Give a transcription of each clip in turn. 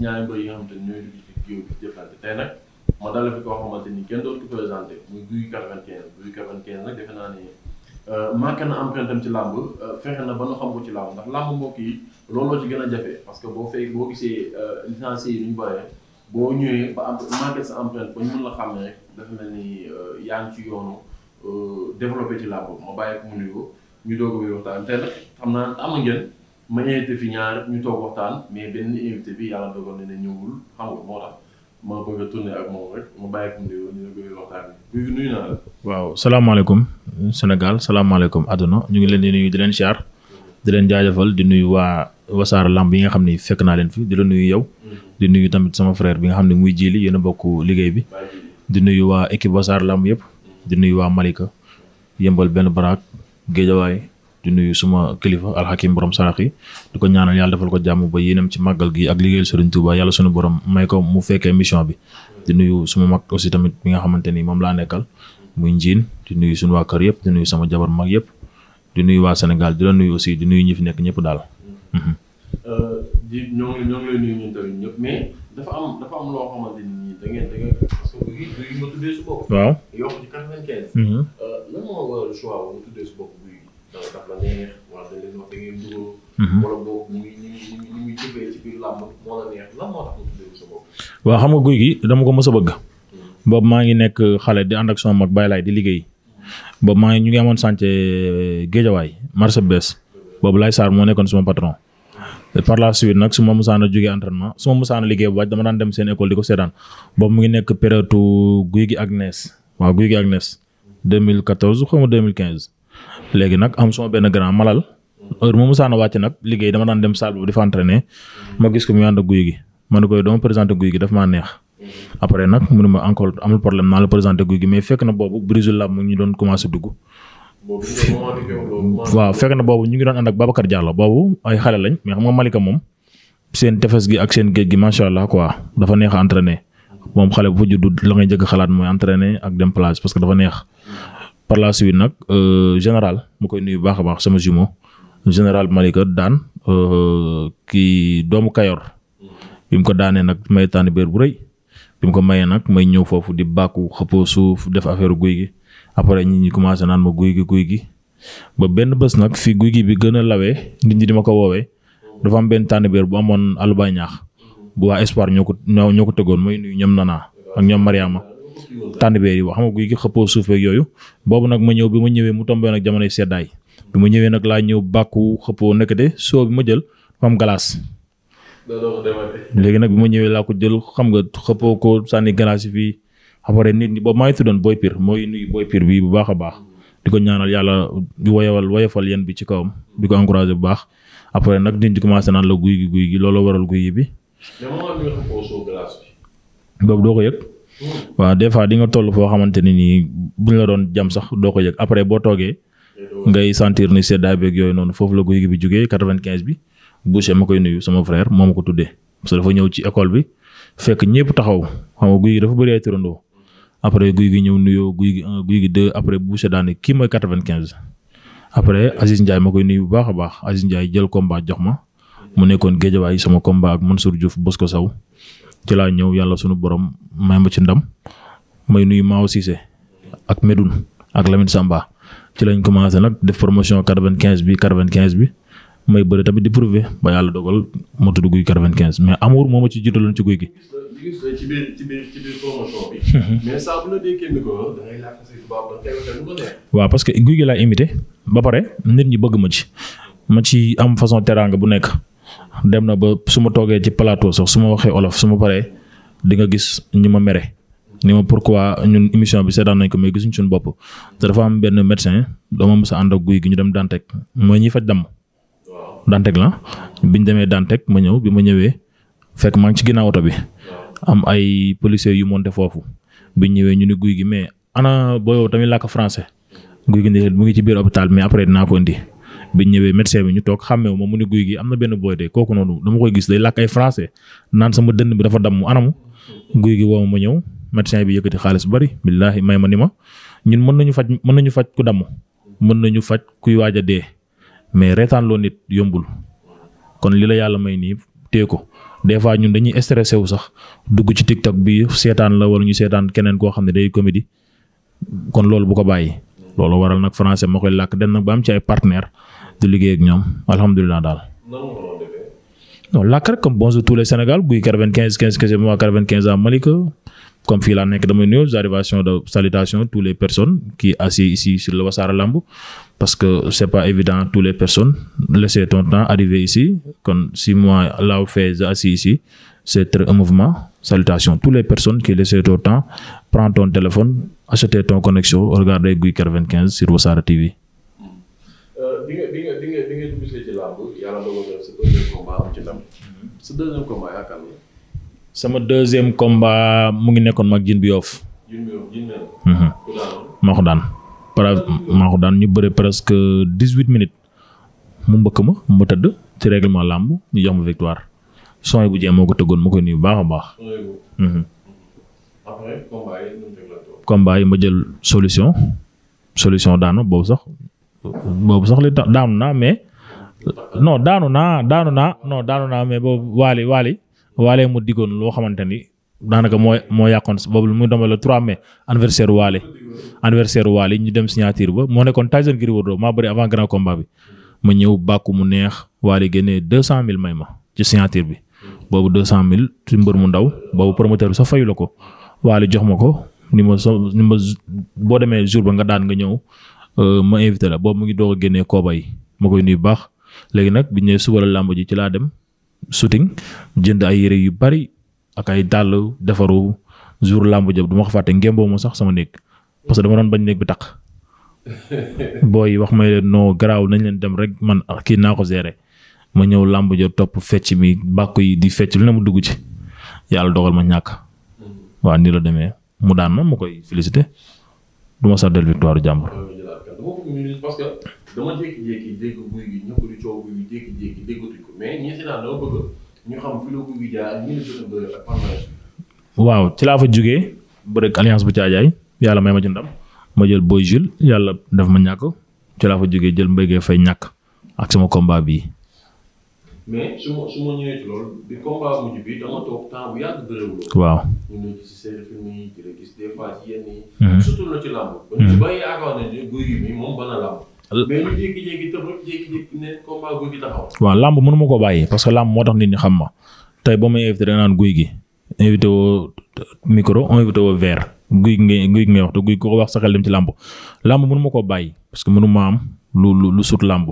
ci ñaari mbër yi nga xamante ni ñooy dugg ci géew bi jëflante tey nag ma dala fi koo xamante ni kenn dootu présenté muy Gouye 95 Gouye 95 nag defe naa ne euh, manqué na empreinte am ci làmb euh, fexe na ba nu xam ko ci làmb ndax làmb mbokk yi looloo ci gën a jafe parce que boo fay boo gisee euh, licencié yi ñu bëree boo ñëwee ba am manqué sa empreinte ba ñu mën la xam ne rek dafa mel ni yaa ngi ci yoonu développé ci làmb ma bàyyi a wéy ma invité fi ñaar ñu toog àdduna ñu ngi leen di nuyu di leen char di leen jaajëfal di nuyu waa wasaare lamb yi nga xam ne fekk naa leen fi di la nuyu yow. Mm-hmm. di nuyu tamit sama frère bi nga xam ne muy jili yéen a bokk liggéey bi. di nuyu waa équipe wasaare lamb yépp di nuyu waa Malika yëmbal benn baraak géejawaay di nuyu suma kilifa alxakim borom sarax yi di ko ñaanal yàlla defal ko jàmm ba yéenam ci màggal gi ak liggéeyal Serigne Touba yàlla sunu borom may ko mu fekkee mission bi. di nuyu suma mag aussi tamit bi nga xamante ni moom laa nekkal muy njiin di nuyu suñu waa kër yëpp di nuyu sama jabar mag yëpp di nuyu waa Sénégal di la nuyu aussi di nuyu ñi nekk ñëpp daal. Mhm. Euh, dana mhm. xam nga guy gi dama ko mës bëgg. Hmm. boobu maa ngi nekk xale di ànd ak sama mag Baye Laye di liggéey. boobu maa ngi ñu ngi amoon sànce euh, Géejawaay marché bees. boobu Laye Sarr moo nekkoon suma patron. par la suite nag su ma musaana jógee entraînement su ma musaana liggéey bu baax dama daan dem seen école di ko seetaan boobu mu ngi nekk période guy gi ak nees waaw guy gi ak nees 2014 xaw ma 2015. léegi nag am sama benn grand malal heure mu musaana wàcc nag liggéey dama daan dem salle boobu di fa entraîner ma gis ko mu ànd ak guy gi ma ne koy dama présenté guy gi daf maa neex. après nag mu ma encore amul problème naa la présenté guy gi mais fekk na boobu Brésil la mu ñu doon commencé dugg. waaw fekk na boobu ñu ngi doon ànd ak Babacar Diallo boobu ay xale lañ mais xam nga Malika moom seen tefes gi ak seen géej gi macha allah quoi dafa neex a entraîner moom xale bu fa judd la ngay jëkk xalaat mooy entraîner ak dem plage parce que dafa neex. par la suite nag euh, général mu koy nuyu baax a baax sama jumeau général Malika daan euh, kii doomu Kayor bi mu ko daanee nag may tànn bu rëy bi mu ko mayee nag may ñëw foofu di bàkku xëppoo suuf def affaire guy gi après nit ñi commencé naan ma guy gi guy gi ba benn bés nag fi guy gi bi gën a lawee nit ñi di ko woowee dafa am benn tànn béer bu amoon alubay ñaax bu waa Espoir ñoo ko ñoo ko tëggoon mooy nuyu ñoom Nana ak ñoom Mariama tàndbeer yi wax xam nga guy gi xëppoo suuf ak yooyu boobu nag ma ñëw bi ma ñëwee mu tombé nag jamonoy seddaay bi ma ñëwee nag laa ñëw bàkku xëppoo nekkate soo bi ma jël am glace. léegi nag bi ma ñëwee laa ko jël xam nga xëppoo ko sànni glace yi fii après nit ñi boobu maa ngi tuddoon boy pir mooy nuyu boy pir bi bu baax a baax. di ko ñaanal yàlla di woyawal woyafal yéen bi ci kawam di ko encouragé bu baax après nag nit ñi commencé naan la guy gi guy gi looloo waral guy yi bi. boobu doo ko yëg. waaw des fois di nga toll foo xamante ne nii bu buñ la doon jam sax doo ko yëg après boo toogee. ngay sentir ni seddaay beeg yooyu noonu foofu la guy gi bi jógee quatre-vingt-quinze bi. Boucher ma koy nuyu sama frère moo ma ko tuddee parce que dafa ñëw ci école bi fekk ñëpp taxaw xam nga guy gi dafa bëri ay après guy gi ñëw nuyoo guy gi un guy gi deux après Boucher daane kii mooy quatre-vingt-quinze. après Aziz Ndiaye ma koy nuyu bu baax a baax Aziz Ndiaye jël combat jox ma mu nekkoon géejawaay sama combat ak Mansour Diouf Bosco Sow ci laa ñëw yàlla sunu borom may ma ci ndam may nuyu Maaw Cissé ak Medoune ak Lamine Samba ci lañ commencé nag def promotion quatre-vingt-quinze bi quatre-vingt-quinze bi may bëri tamit di prouver ba yàlla dogal ma tudd guy quatre-vingt-quinze mais amour moo ma ci jiitaloon ci guy gi. ci mhm. mais saa bu la déggee micro da ngay laajte parce que guy gi laa imité ba pare nit ñi bëgg ma ci ma ci am façon teraanga bu nekk. dem na ba su ma toogee ci plateau sox su ma waxee olof su ma paree di nga gis ñu ma mere ni ma pour pourquoi ñun émission bi seetaan nañ ko mais gisuñ suñu bopp te dafa am benn médecin dama mës a ànd ak guy gi ñu dem Dantec mooy ñiy fa damm. Dantec la bi ñu demee Dantec ma ñëw bi ma ñëwee fekk maa ngi ci ginnaaw oto bi am ay policiers yu monté foofu bi ñëwee ñu ni guy gi mais ana booyoo tamit làkk français guy gi mu ngi ci biir hôpital mais après dinaa ko biñ ñëwee médecin bi ñu toog xàmmeewu ma mu ne guy gi am na benn booy de kooku noonu dama koy gis day làkk ay français naan sama dënn bi dafa damm anamu guy gi woo ma ñëw médecin bi yëkkati xaalis bu bari billaahi may ma ni ma ñun mën nañu faj mën nañu faj ku damm mën nañu faj kuy waaj a dee mais reetaan loo nit yombul kon li la yàlla may nii tee ko des fois ñun dañuy stressé wu sax dugg ci tiktok bi seetaan la wala ñu seetaan keneen koo xam ne day comédie kon loolu bu ko bàyyi. loolu waral nag français ma koy làkk dem nag ba am di liggéey ak ñoom alhamdulilah daal. non làkk rek comme bonjour tous les Sénégal guy 95 15 15 mois 95 à Malika comme fii laa nekk damay nuyoo arrivation de salutation tous les personnes qui assis ici sur le Wassare Lamb parce que c'est pas évident tous les personnes laisser ton temps arriver ici kon si moi là où fais assis ici c'est un mouvement salutation tous les personnes qui laisser ton temps prends ton téléphone acheter ton connexion regarder yàlla mm-hmm. sama deuxième combat mu ngi nekkoon mag jin bi yoof jin bi mm-hmm. ko daan para maa ko daan ñu bëre presque dix huit minutes mu mbëkk ma mu tëdd ci règlement làmb ñu jox ma victoire son bu jeex moo ko tëggoon mu koy nuyu baax a baax mm-hmm. combat yi ma jël solution solution daanu boobu sax boobu sax li tax naa mais non daanu naa daanu naa non daanu naa mais boobu waali waali waalee mu diggoon loo xamante ni daanaka moo moo yàqoon boobu mu ngi doon le 3 mai anniversaire waale anniversaire waale ñu dem signature ba moo nekkoon Tyson Gris Bordeaux maa bëri avant grand combat bi ma ñëw bàkku mu neex waale génnee 200000 may ma ci signature bi boobu 200000 ci mbër mu ndaw boobu promoteur bi sax fayu la ko waale jox ma ko ni ma so ni ma boo demee jour ba nga daan nga ñëw euh, ma invité la mu ngi doog a génnee kooba yi ma koy nuyu baax. léegi nag bi ñëwee suba la làmb ji ci laa dem shooting jënd ay yére yu bari ak ay dàll defaru jour làmb jëm du ma fàtte ngémboo ma sax sama néeg parce que dama doon bañ néeg bi taq booy wax may leen non garaaw nañ leen dem rek man ah, kii naa ko gérer ma ñëw làmb ja topp fecc mi bàkku yi di fecc lu ne mu dugg ci yàlla dogal ma ñàkk. Hmm. waa nii la demee mu daan ma mu koy félicité duma ma sardel victoire jàmbur. dama jékki-jékki dégg guy gi ñëpp di coow guy gi jékki-jékki déggatuñ ko mais ñi si daan dama bëgg ñu xam fi la guy gi a waaw ci laa fa jógee bërëg alliance bu caajaay yàlla may ma ci ma jël Boy Jules yàlla def ma ñàkk ci laa fa jógee jël mbéygee fay ñàkk ak sama combat bii. mais su ma su ñëwee ci loolu bi combat mujj bi dama toog temps bu yàgg bëriwul. waaw mais ñu jékki waaw làmb mënu ko bàyyi parce que làmb moo tax nit ñi xam ma tey ba may invité naan guy gi invité woo micro invité woo verre guy gi guy gi ngay wax te guy ko wax sa xel dem ci làmb làmb mënu ma ko bàyyi parce que mënuma am lu lu lu sut làmb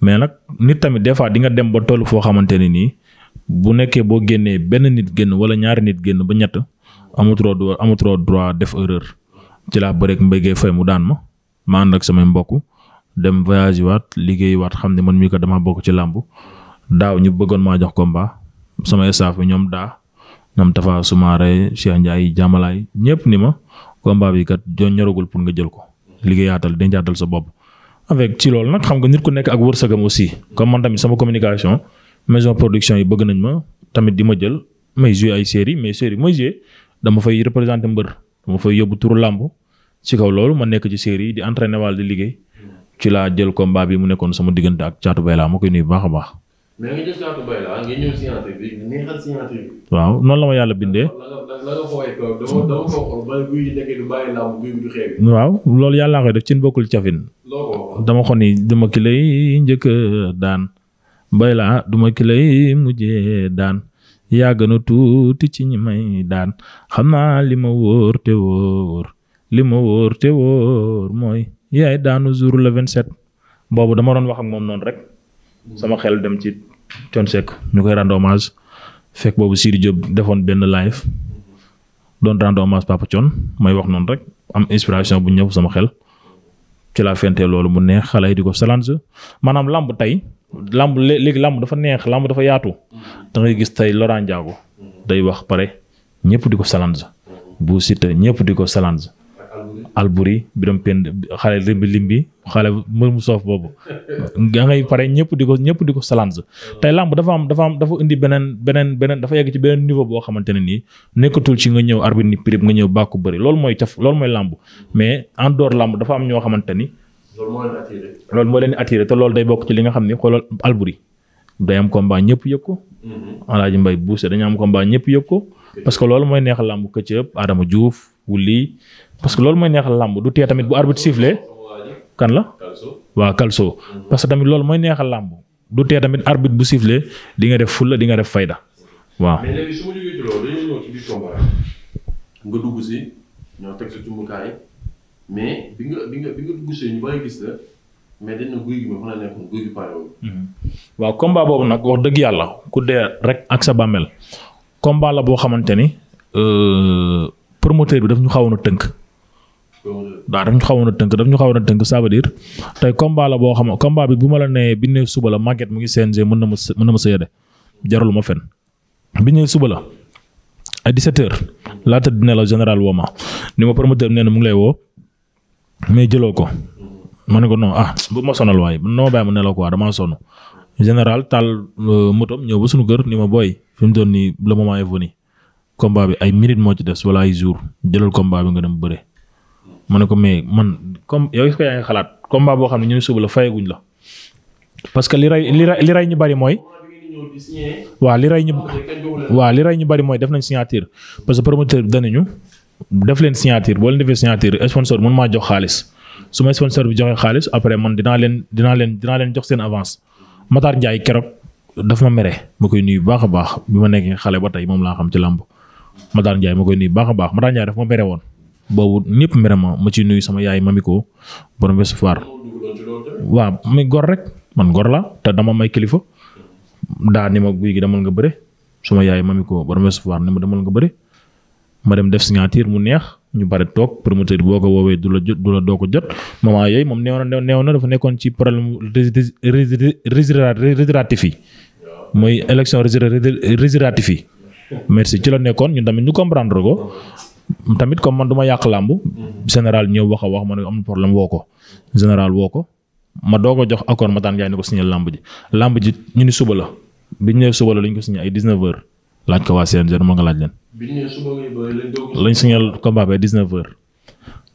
mais nag nit tamit des fois di nga dem ba toll foo xamante ne nii bu nekkee boo génnee benn nit génn wala ñaari nit génn ba ñett amatuloo droit amatuloo droit def erreur ci laa bëreeg mbéy fay mu daan ma ma ànd ak samay mbokk. dem voyage waat liggéey waat xam ne man mii ko dama bokk ci làmb daaw ñu bëggoon maa jox combat sama staff bi ñoom daa ñoom Tafa Soumaré Cheikh Ndiaye jàmmalaay ñëpp ni ma combat bi kat joo ñoragul pour nga jël ko liggéeyaatal dencaatal sa bopp. avec ci loolu nag xam nga nit ku nekk ak wërsëgam aussi comme man tamit sama communication maison production yi bëgg nañ ma tamit di ma jël may jouer ay série mais série ma jouer dama fay représenter mbër dama fay yóbbu turu làmb ci kaw loolu ma nekk ci série yi di entraîner wàll di liggéey. ci laa jël combat bi mu nekkoon sama diggante ak caatu bayla ma koy nuyu bu a waaw noonu la ma yàlla bindee. waaw loolu yàllaa koy def cin bokkul cafin. dama xon ni duma ki lay njëkk daan bayla duma ki mujjee daan. yaa gën tuuti ci ñi daan xam naa li wóor te wóor li wóor te wóor mooy. yaay daanu jour le 27 boobu dama doon wax ak moom noonu rek sama xel dem ci Thione Seck ñu koy rendre hommage fekk boobu Sidi Diop defoon benn live doon rendre hommage Papa Thione may wax noonu rek am inspiration bu ñëw sama xel ci laa fente loolu mu neex xale ay di ko salange maanaam làmb tey lamb léegi lamb dafa neex làmb dafa yaatu da gis tey Laurent Ndiago day wax pare ñëpp di ko salange bu Siteu ñëpp di ko salange Alburi Biram Pend xale limbi limbi xale mbër soof boobu nga ngay pare ñëpp di ko ñëpp di ko salanse tey làmb dafa am dafa am dafa indi beneen beneen beneen dafa yegg ci beneen niveau boo xamante ne nii nekkatul ci nga ñëw arbitre ni prib nga ñëw bàkku bëri loolu mooy taf loolu mooy làmb mais en dehors làmb dafa am ñoo xamante ni moo leen attiré te loolu day bokk ci li nga xam ne xoolal Alburi day am combat ñëpp yëg ko mhm. Alaaji Mbay Buuse dañu am combat ñëpp yëg ko parce que loolu mooy neex làmb këccëb wu lii parce que loolu mooy neexal làmb du tee tamit bu arbitre sifflé kan la waaw kalso parce que tamit loolu mooy neexal làmb du tee tamit arbitre bu sifflé di nga def fulla dinga def fayda waaw. mais léegi su ma boobu nag wax dëgg yàlla ku dee rek ak sa bàmmeel combat la boo xamante ni. Euh, promoteur bi daf ñu xawoon a tënk. waaw daf ñu xawoon a tënk daf ñu xawoon a tënk ça veut dire tey combat boo xam combat bi bu ma la nee bi ne suba la Maguette mu ngi CNG mën na ma mën na ma sëyade jarul ma fen bi ne suba la à 17h laa la général woo ma ni ma promoteur bi nee na mu ngi lay woo mais jëloo ko. ma ne ko non ah bu ma sonal waaye man noo bàyyi ma nelaw quoi damaa sonn général taal euh, motom ñëw ba suñu kër ni ma booy fi doon nii le moment est venu combat bi ay minutes moo ci def wala ay jour jëlal combat bi nga dem bëre. ma ne ko mais man comme yow est-ce que yaa ngi xalaat combat boo xam ne ñun suba la fayaguñ la parce que li ray li ray ñu bari mooy. waaw li ray ñu. waaw li ray ñu bari mooy def nañ signature parce que promoteur bi danañu def leen signature boo leen defee signature sponsor mën maa jox xaalis su ma sponsor bi joxee xaalis après man dinaa leen dinaa leen dinaa jox seen avance Matar Ndiaye keroog dafa ma mere ma koy nuyu bu baax a baax bi ma nekk xale ba tey moom laa xam ci làmb ma daan Ndiaye ma koy nuyu baax a baax ma daan Ndiaye daf ma mere woon boobu ñëpp mere ma ma ci nuyu sama yaay mamiko borom bés faar waaw mi gor rek man gor la te dama may kilifa daa ni ma guy gi demal nga bëre suma yaay mamiko borom bés faar ni ma demal nga bëre ma dem def signature mu neex ñu bari toog promoteur boo ko woowee du la jot du la doo ko jot moment yooyu moom neew na na dafa nekkoon ci problème rési rési rési rési rési rési rési rési rési merci ci la nekkoon ñun tamit ñu comprendre ko. tamit comme man du yàq làmb. général ñëw wax a wax ma ne am na problème woo ko. général woo ko ma doog ko jox accord ma daan jaay ne ko signé làmb ji làmb ji ñu ni suba la bi ñu nee la lañ ko signé ay 19h laaj ko waa CNG ma nga laaj leen. lañ signé combat bi 19h.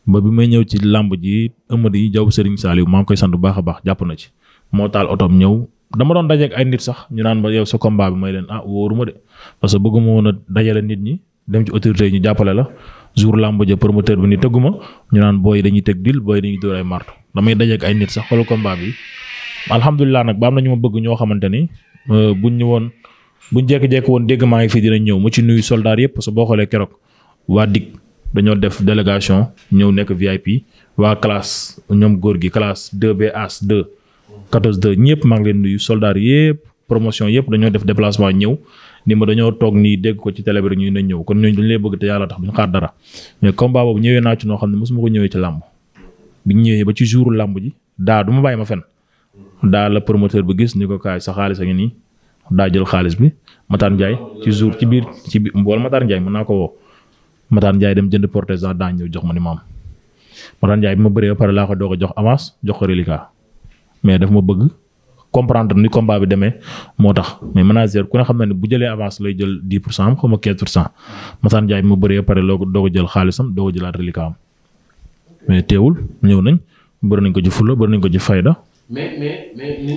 ba bi may ñëw ci làmb ji Amady Diaw Serigne Saliou maa ngi koy sant bu baax a baax jàpp na ci moo taal otoom ñëw. dama doon dajeek ay nit sax ñu naan ba yow sa combat bi may leen ah wóoruma de parce que bëgguma woon a dajale nit ñi dem ci autorité ñu jàppale la jour làmb ja promoteur bi ni tëgguma ñu naan booy dañuy teg dil booy dañuy dóor ay marto damay dajeek ay nit sax xoolal combat bi alhamdulilah nag ba am na ñu ma bëgg ñoo xamante ni euh, buñ ñu woon bu jékki jekk woon dégg maa ngi fii dina ñëw mu ci nuyu soldaar yëpp parce que boo xolee keroog waa DIC dañoo def délégation ñëw nekk VIP waa classe ñoom góor gi classe 2B as 14 2 ñëpp maa ngi leen nuyu soldats yëpp promotion yëpp dañoo def déplacement ñëw ni ma dañoo toog nii dégg ko ci télé bi rek ñu ne ñëw kon ñooñu dañu lay bëgg te yàlla tax duñu xaar dara mais combat boobu ñëwee naa ci noo xam ne mosuma ko ñëwee ci làmb bi ñëwee ba ci jouru làmb ji daa du ma bàyyi ma fen daa la promoteur bi gis ni ko kaay sa xaalis a ngi nii daa jël xaalis bi Matar Ndiaye ci jour ci biir ci biir wala Matar Ndiaye mën naa ko woo Matar Ndiaye dem jënd portaisan daa ñëw jox ma ni maam ma bëree ba pare laa ko doog a jox avance jox ko reliquat mais dafa ma bëgg comprendre ni combat bi demee moo tax mais manager ku ne xam na ne bu jëlee avance lay jël 10 pour cent am xaw ma 15 pour cent Massane Ndiaye bi ma bëree pare loo ko doo ko jël xaalisam doo ko jëlaat reliquat mais teewul ñëw nañ bëri nañ ko ci fulla bëri nañ ko ci fayda. mais mais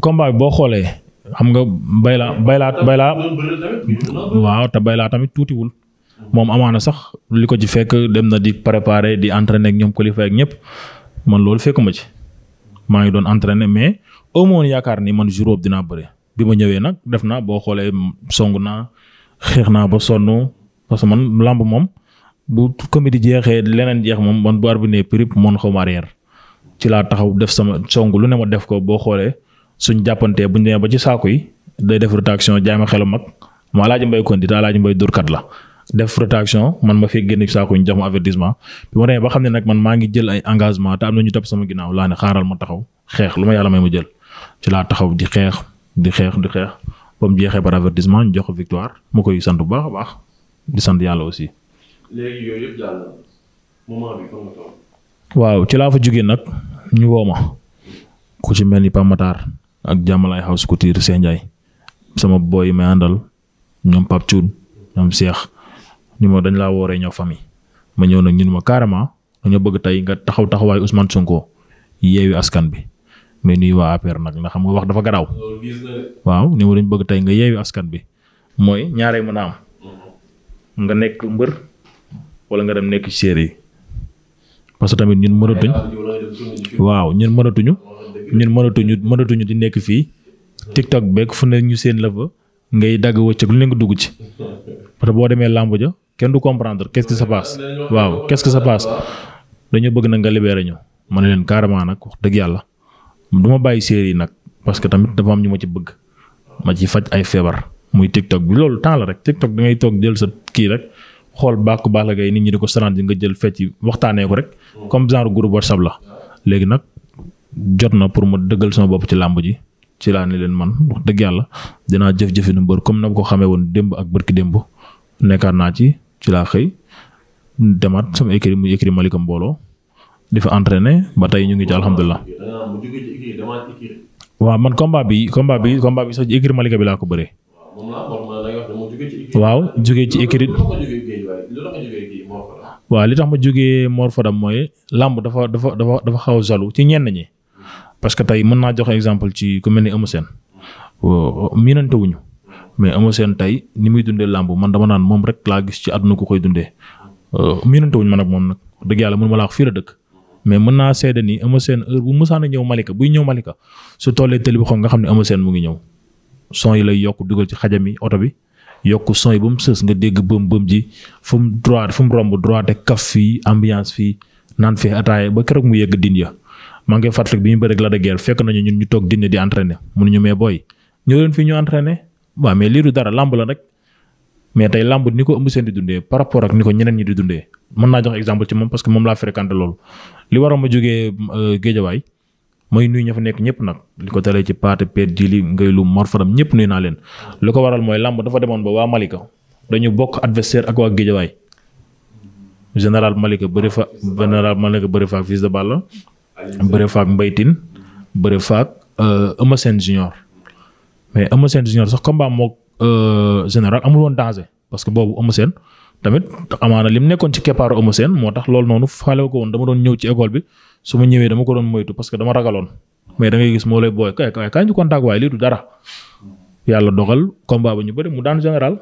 combat bi boo xoolee. xam nga baylaa baylaa baylaa waaw te baylaa tamit tuutiwul moom amaana sax li ko ci fekk dem na di préparer di entraîner ak ñoom qualifier ak ñëpp man loolu fekkuma ci maa ngi doon entraîner mais amoon yaakaar ni man juróom dinaa bëre bi ma ñëwee nag def naa boo xoolee song naa xeex naa ba sonn parce que man làmb moom bu di jeexee leneen jeex moom man bu arbitre bi ne mon xaw ma ci laa taxaw def sama song lu ne ma def ko boo xoolee. suñ jàppantee buñ demee ba ci saako yi day def rotation jaay ma xelu mag ma laaj mbay di te laaj mbay durkat la def rotation man ma fekk génn saako ñu jox ma avertissement bi ma xam ne nag man maa ngi jël ay engagement te am na ñu topp sama ginnaaw ne xaaral ma taxaw xeex lu ma yàlla may ma ci laa taxaw di xeex di xeex di xeex ba mu jeexee par avertissement ñu jox ko victoire mu koy sant bu baax a baax di sant yàlla aussi. léegi waaw ci laa fa jugee nag ñu woo ma ku ci mel ni Pamatar ak jàmmalaay house couture Sèye Ndiaye sama boy yi may àndal ñoom Pape Thioune ñoom Cheikh ni ma dañ laa wooree ñoo famille ma ñëw nag ñun ma carrément dañoo bëgg tey nga taxaw taxawaayu Ousmane Sonko yeewi askan bi mais nuyu waa APR nag nga xam nga wax dafa garaaw. waaw ni ma dañ bëgg tey nga yeewi askan bi mooy ñaaree mën mhm. nga nekk mbër wala nga dem nekk séeréer yi que tamit ñun mënatuñ. waaw ñun mënatuñu. ñun mënatuñu mënatuñu di nekk fii TikTok beeg fu ne ñu seen la ba ngay dagg wëccëg lu ne nga dugg ci parce que boo demee làmb ja kenn du comprendre qu'est-ce waaw qu'est-ce qui se dañoo bëgg na nga libéré ñu ma ne leen carrément nag wax dëgg yàlla du ma bàyyi série nag parce que tamit dafa am ñu ma ci bëgg ma ci faj ay feebar muy TikTok bi loolu temps la rek TikTok da ngay toog jël sa kii rek xool bàkku baax la gay nit ñi di ko saraan nga jël fecc waxtaanee ko rek comme genre groupe WhatsApp la léegi nag jot na pour ma dëggal sama bopp ci làmb ji ci laa ne leen man wax dëgg yàlla dinaa jëf-jëfinu mbër comme na ma ko xamee woon démb ak bërki démb nekkaat naa ci ci laa xëy demaat sama écrit mu écrit Malika mbooloo di fa entraîné ba tey ñu ngi ci alhamdulilah. waaw man combat bi combat bi combat bi sax ci écrit Malika bi laa ko bëree. waaw jóge ci écrit. waaw li tax ma jógee Mor Fadam mooy làmb dafa dafa dafa dafa xaw a ci ñenn ñi. parce que tey mën naa joxe exemple ci ku mel ni Eumeu Sène miinante wuñu mais Eumeu Sène tey ni muy dundee làmb man dama naan moom rek laa gis ci àdduna ko koy dundee miinante wuñu man ak moom nag dëgg yàlla mënuma la wax fii la dëkk. mais mën naa seede ni Eumeu Sène heure bu mësaan a ñëw Malika buy ñëw Malika su tollee télé bi xool nga xam ne Eumeu Sène mu ngi ñëw son yi lay yokk dugal ci xajam yi oto bi. yokk son yi ba mu sës nga dégg bëm bëm ji fu mu droit fu mu romb droit te kaf fii ambiance fii naan fii ataaya ba keroog mu yegg din maa ngi koy bi ñu bëri ak Lac de fekk nañu ñun ñu toog dinañ di entraîner mënuñu mais booy ñëw leen fii ñu entraîner waaw mais lii du dara lamb la rek mais tey lamb ni ko ëmb seen di dundee par rapport ak ni ko ñeneen ñi di dundee mën naa jox exemple ci moom parce que moom laa fréquenté loolu. li waroon ma jógee euh, géejawaay mooy nuyu ña fa nekk ñëpp nag li ko talee ci Pate Pete Djili ngay lu Mor Fadam ñëpp nuyu naa leen li ko waral mooy lamb dafa demoon ba waa Malika dañu bokk adversaire ak waa géejawaay général Malika bëri fa général Malika bëri fa fils de Balla bëre faak Mbaye Tine bëre faak euh, Eumeu Sène junior mais Eumeu Sène junior sax combat mook euh, général amul woon danger parce que boobu Eumeu Sène tamit amaana lim nekkoon ci keppaaru Eumeu Sène moo tax loolu noonu faale ko woon dama doon ñëw ci école bi su ma ñëwee dama ko doon moytu parce que dama ragaloon mais da ngay moo lay booy kay kay kaay ñu contact yàlla dogal combat ba ñu bëri mu daan général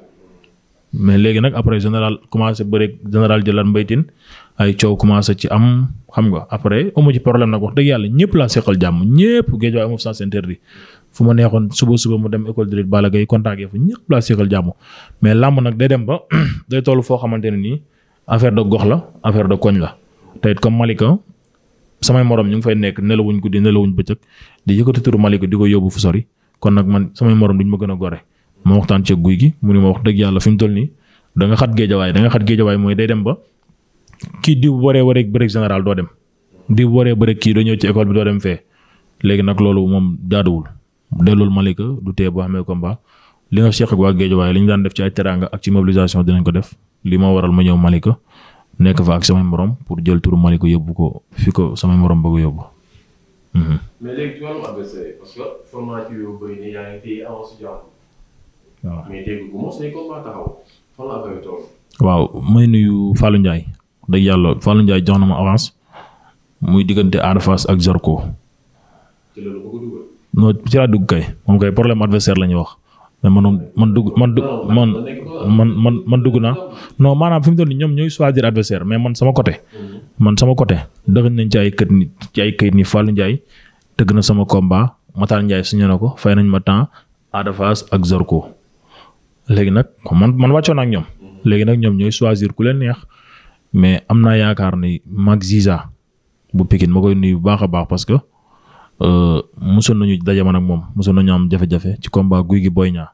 mais léegi nag après général commencé bëre général jëlaat Mbaye ay coow commencé ci am xam nga après amu ci problème nag wax dëgg yàlla ñëpp laa seqal jàmm ñëpp géej waaye amul ma neexoon suba suba mu dem école de lutte Balla Gaye contacté fa ñëpp laa seqal jàmm mais làmb nag day dem ba day toll foo xamante ne nii affaire de gox la affaire de koñ la te it comme Malika samay morom ñu ngi fay nekk nelawuñ guddi nelawuñ bëccëg di yëkkati turu Malika di ko yóbbu fu sori kon nag man samay morom duñ ma gën a gore ma waxtaan ci guy gi mu wax dëgg yàlla fi mu toll nii da nga xat géejawaay da nga géejawaay mooy day dem ba kii diw bu waree waree bëreeg général doo dem diw bu waree bëreeg kii doo ñëw ci école bi doo dem fee léegi nag loolu moom jaaduwul dellul Malika du tee boo xamee combat li nga seq ak waa Géejawaay daan def ci ay ak ci mobilisation dinañ ko def li waral ma ñëw Malika nekk fa ak samay morom pour jël turu Malika yóbbu ko fi ko samay morom bëgg yóbbu. Mhm. may nuyu Fallou Ndiaye dëgg yàlla Fallou Ndiaye jox na ma avance muy diggante Ada Fass ak Zarko. ci loolu ko dugg. non la ñuy wax. man man dugg man dugg man man man man dugg naa non maanaam fi mu toll nii ñoom ñooy choisir adversaire mais man sama côté. Mm-hmm. man sama côté dëgg nañ ci ay kët ci ay kayit ni Fallou Ndiaye tëgg na sama combat Matar Ndiaye signé na ko fay nañ ma temps Ada Fass ak Zarko léegi nag man man ñoom. Mm-hmm. léegi nag ñoom ñooy choisir ku leen neex. mais am naa yaakaar ni mag Ziza bu Pikine ma koy nuyu bu baax a baax parce que euh, mosoon nañu daje man ak moom mosoon nañu am jafe-jafe ci combat guy gi booy Niang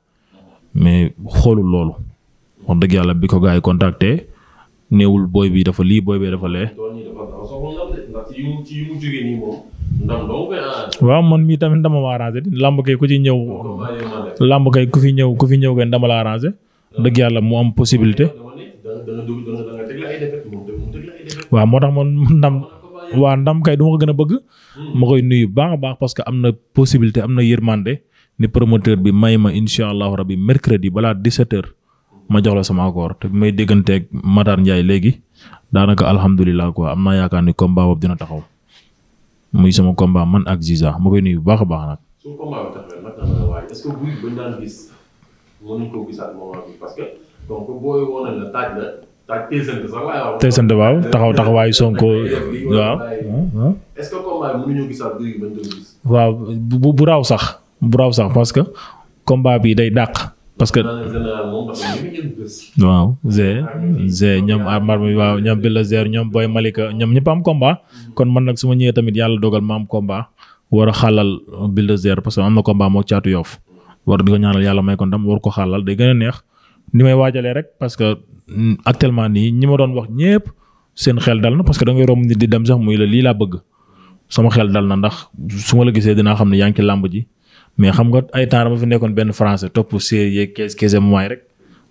mais xoolu loolu wax dëgg yàlla bi ko gars néewul booy bi dafa lii booy bee dafa lee. waaw man mii tamit ndama ma arrangé làmb kay ku ci ñëw. làmb kay ku fi ñëw ku fi ñëw kay ndama la arrangé. dëgg yàlla mu am possibilité. waa moo tax man ndam waa ndam kay du ko gën a bëgg. Hmm. ma koy nuyu baax baax parce que am na possibilité am na yërmande ni promoteur bi may ma incha allahu rabi mercredi balaa 17 ma jox la sama accord te bi may dégganteeg Matar Ndiaye léegi daanaka alhamdulilah quoi am naa yaakaar ni combat boobu dina taxaw muy sama combat man ak Ziza ma koy nuyu baax a baax nag. te Tyson waaw taxaw taxawaayu Sonko waaw. waaw bu bu raw sax bu raw sax parce que combat bi day dàq. parce que waaw Zé Zé ah, ñoom Amar mi waaw ñoom Billa Zé ñoom Boy Malika ñoom ñëpp am combat. kon man nag su ma ñëwee tamit yàlla dogal ma am combat. war a xàllal Billa Zé parce que am na combat moo caatu yoof war di ko ñaanal yàlla may ko ndam war ko xàllal day gën a neex. ni may waajalee rek parce que mm, actuellement nii ñi ma doon wax ñépp seen xel dal na parce que da ngay romb nit di dem sax muy la lii laa bëgg sama xel dal na ndax su ma la gisee dinaa xam ne yaa ngi ci làmb ji mais xam nga ay fi nekkoon benn français topp série yeeg kees kees mooy rek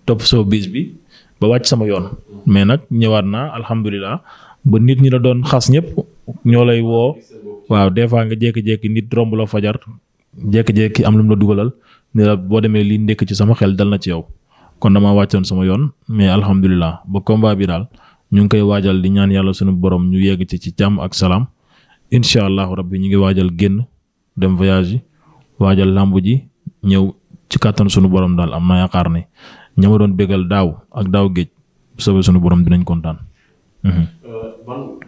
topp soo bis bi ba wàcc sama yoon. mais nag ñëwaat naa alhamdulilah ba nit ñi la doon xas ñépp ñoo lay woo. waaw des fois nga jékki-jékki nit romb la fajar jékki-jékki am lu mu la dugalal ne la boo demee lii ndekk ci sama xel dal na ci yow. kon damaa wàccoon sama yoon mais alhamdulilah ba combat bi daal ñu ngi koy waajal di ñaan yàlla suñu borom ñu yegg ci ci jàmm ak salaam incha allahu rabbi ñu ngi waajal génn dem voyage yi waajal làmb ji ñëw ci kàttan suñu borom daal am na yaakaar ne ña ma doon bégal daaw ak daaw géej bu soobee suñu borom dinañ kontaan. Mhm. Euh, ban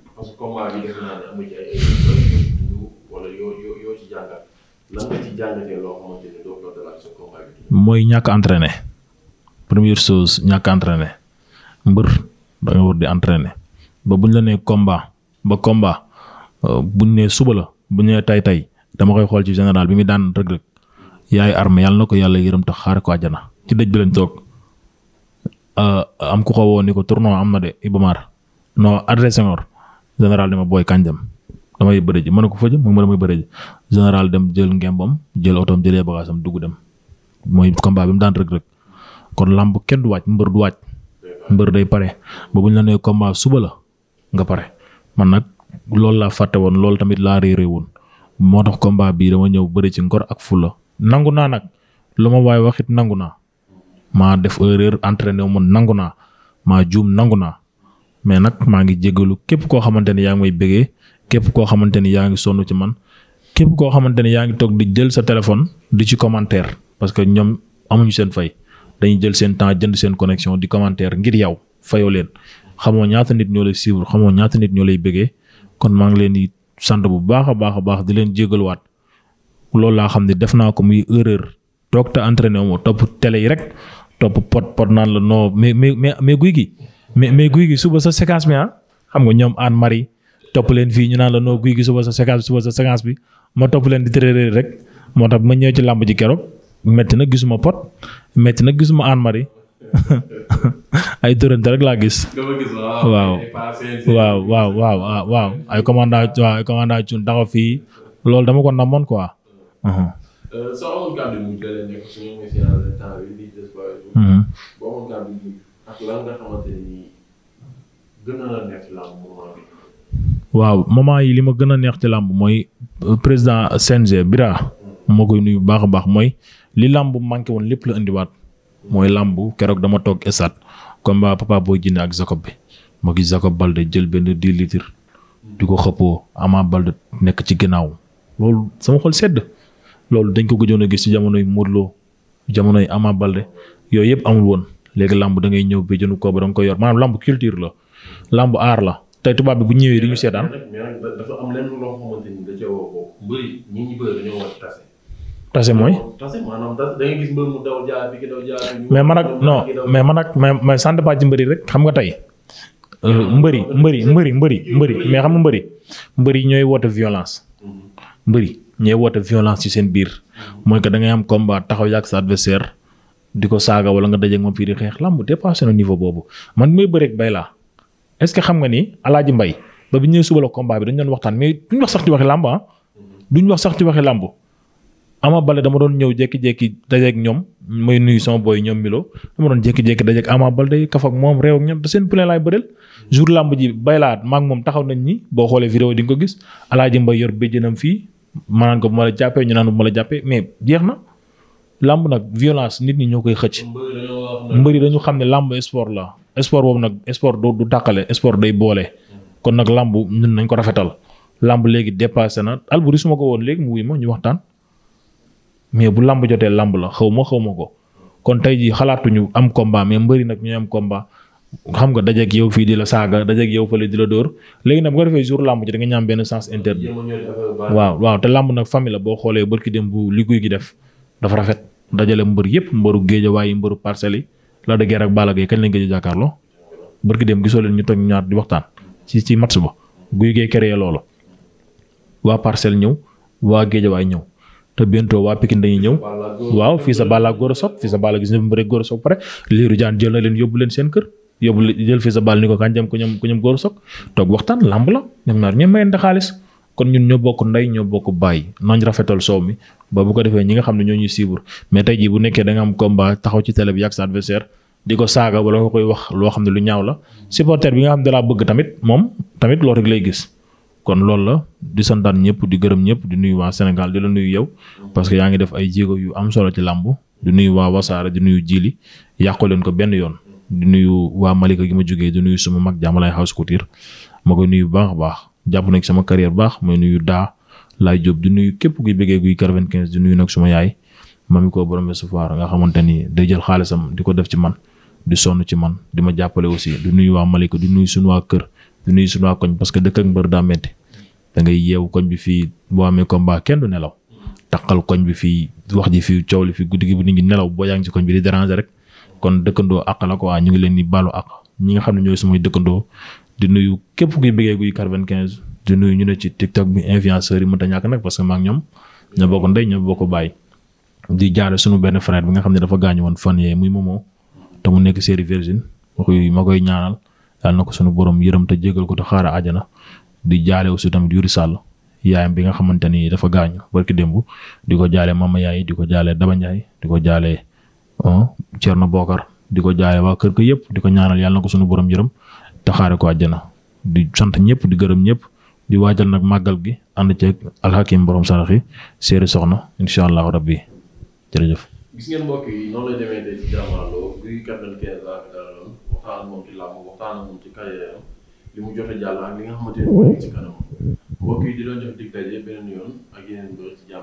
mooy ñàkk entraîné. première chose ñàkk entraîné mbër da war di entraîné ba buñ la nee combat ba combat euh, bu ñu nee suba la bu ñu nee tay tay dama koy xool ci général bi muy daan Reug Reug yaay armé yàlla na ko yàlla yërëm tax xaar ko àjjana ci dëj bi toog euh, am ku ko woo ni ko tournoi am na de Ibamar non adressé ngor général ni ma booy kanjam damay bëre ji ma ko fëj mu ma damay bëre général dem jël ngembam jël otoom jëlee bagaasam dugg dem mooy combat bi mu daan kon làmb kenn du waaj mbër du waaj mbër day pare ba bu ñu la nee combat suba la nga pare man nag loolu laa fàtte woon loolu tamit laa réere woon moo tax combat bii dama ñëw bëri ci ngor ak fula. nangu naa nag lu ma waaye waxit nangu naa maa def erreur entraîné wu ma nangu naa maa juum nangu naa mais nag maa ngi jégalu képp koo xamante ne yaa ngi may bëggee képp koo xamante ni yaa ngi sonn ci man képp koo xamante ne yaa ngi toog di jël sa téléphone di ci commentaire parce que ñoom amuñu seen fay. dañuy jël seen temps jënd seen connexion di commentaire ngir yow fayoo leen xamoo ñaata nit ñoo lay suivre xamoo ñaata nit ñoo lay bëggee kon maa ngi leen di sant bu baax a baax a baax di leen jégaluwaat loolu laa xam ne def naa ko muy erreur toog te entraîné wu ma topp télé yi rek topp pot pot naan la non mais mais mais guy gi mais mais guy gi suba sa séquence bi ah ñoom Anne Marie topp leen fii ñu naan la non guy gi sa séquence suba sa séquence bi ma topp leen di tërërër rek moo tax ma ñëwee ci làmb ci keroog. metti na gisuma pot metti na gisuma Anne Marie ay dërënte rek laa gis. waaw waaw waaw waaw waaw ay commanda waaw ay loolu dama ko namoon uh-huh. euh, uh-huh. yi li ma gën a neex ci làmb mooy euh, président CNG Bira mm. moo koy nuyu baax a baax mooy. li làmb manqué woon lépp la indiwaat mooy làmb keroog dama toog esat combat Papa Boy Djiné ak Jacob bi ma gis Jacob Balde jël benn 10 litres di ko xëppoo Ama Balde nekk ci ginnaaw loolu sama xol sedd loolu dañ ko gëjoon a gis ci jamonoy Modou jamono jamonoy Ama Balde yooyu yëpp amul woon léegi làmb da ngay ñëw bi jënu ko ba da nga koy yor maanaam làmb culture la làmb aar la tey tubaab bi bu ñëwee di ñu seetaan. tase mooy. tase mais man ak non mais man ak mais mais ba ci mbëri rek xam nga tey. Euh, ah, mbëri mbëri mbëri mbëri mbëri mais xam nga mbëri mbëri ñooy woote violence. Mm-hmm. mbëri ñooy woote violence ci seen biir. Mm-hmm. mooy que da ngay am combat taxaw yàgg sa adversaire di ko saaga wala nga dajeeg moom fii di xeex lamb dépassé na niveau boobu man muy bëreeg bay laa est ce que xam nga ni alaaji mbay ba bi ñëwee suba la combat bi dañu doon waxtaan mais duñ wax sax ci waxi làmb ah. Mm-hmm. duñ Ama bale dama doon ñëw jékki-jékki dajeeg ñoom may nuyu sama booy ñoom Milo dama doon jékki-jékki dajeeg Ama Baldé kaf ak moom réew ak ñoom te seen ji baylaat maa ngi moom taxaw nañ ni boo xoolee vidéo di nga ko gis Alaaji Mbay yor béjjënam fii ma naan ko bu ma la jàppee ñu naan bu ma la jàppee mais jeex na làmb nag violence nit ñi ñoo koy xëcc. mbëri dañu xam ne làmb sport la sport boobu nag sport du du tàqale sport day boole. kon nag làmb ñun nañ ko rafetal làmb léegi dépassé na Alboury su ma ko woon léegi mu wuy ma ñu waxtaan mais bu lamb jotee lamb la xaw ma xaw ma ko kon tey jii xalaatuñu am combat mais mbëri nag ñu am komba xam nga dajeeg yow fii di la saaga dajeeg yow fële di la dóor léegi nag bu ko defee jour lamb ji da nga ñaam benn sens interdit waaw waaw te lamb nag famille boo xoolee bërki dem bu guy gi def dafa rafet dajale mbër yëpp mbëru géejawaay yi mbëru parcelles yi la de guerre ak Balla Gaye kañ lañ gëj a jàkkaarloo bërki dem gisoo leen ñu toog ñaar di waxtaan ci ci match ba guy gee créé loolu waa parcelle ñëw waa géejawaay ñëw te bientôt waa Pikine dañuy ñëw waaw fii sa Balla góor a sopp fii sa Balla gis na mu bëre góor a sopp pare liiru jaan jël na leen yóbbu leen seen kër yóbbu jël fii sa Balla ni ko kan jëm ko ñoom ko a sopp toog waxtaan làmb la ñoom ñaar ñoom mayante xaalis kon ñoo bokk ndey ñoo bokk bàyyi rafetal soow mi ba bu ko defee ñi nga xam ne ñoo ñuy siibur mais tey jii bu nekkee da am combat taxaw ci télé bi yàgg sa adversaire di ko saaga wala nga koy wax loo xam ne lu ñaaw la supporter bi nga xam ne dalaa bëgg tamit moom tamit loolu rek lay gis kon loolu la di santaan ñëpp di gërëm ñëpp di nuyu waa Sénégal di la nuyu yow parce que yaa ngi def ay jéego yu am solo ci làmb di nuyu waa wasaara di nuyu jili yàqu leen ko benn yoon di nuyu waa Malika gi ma jógee di nuyu suma mag jàmm lay House Couture ma koy nuyu baax a baax jàpp nag sama carrière baax may nuyu daa laay jóob di nuyu képp kuy bëggee guy quatre-vingt-quinze di nuyu nag suma yaay mami koo borom sufaar nga xamante ni day jël xaalisam di ko def ci man di sonn ci man di ma jàppale aussi di nuyu waa Malika di nuyu suñu waa kër du nuyu suñu waa koñ parce que dëkk ak mbër daa métti da yeewu koñ bi fii boo amee combat kenn du nelaw taqal koñ bi fii wax ji fii coow li fi guddi gi bu nit ñi nelaw boo yaa ngi bi di déranger rek kon dëkkandoo àq la ñu ngi leen di baalu àq ñi nga xam ne ñooy sumay dëkkandoo di nuyu képp kuy bëggee guy quatre di nuyu ñu ne ci TikTok bi influenceurs yi mënut a ñàkk nag parce que maa ngi ñoom ñoo bokk ndey ñoo bokk bàyyi di jaale sunu benn frère bi nga xam ne dafa gaañu woon fan yee muy Momo te mu nekk série Virgin ma koy ma koy ñaanal yàlla na ko sunu boroom yërëm te jégal ko te xaara àjjana di jaale aussi tamit Yuri Sall yaayam bi nga xamante ni dafa gaañu barki démb di ko jaale Mama Yaay di ko jaale Daba Ndiaye di ko jaale ah, Thierno Bokar di ko jaale waa kër ga yëpp di ko ñaanal yàlla na ko sunu boroom yërëm te xaare ko àjjana di sant ñëpp di gërëm ñëpp di waajal nag màggal gi ànd ceeg alxakim borom saraxi séeri soxna incha allahu rabbi gis ngeen mbokk yi noonu lay demee tey ci Jamarloo Gouye Gui 95 laa fi dalaloon waxtaan ak moom ci làmb li mu jot a jàll ak li nga xamante ne moo ci kanam mbokk yi di doon jox dig daje beneen yoon ak yeneen mbir ci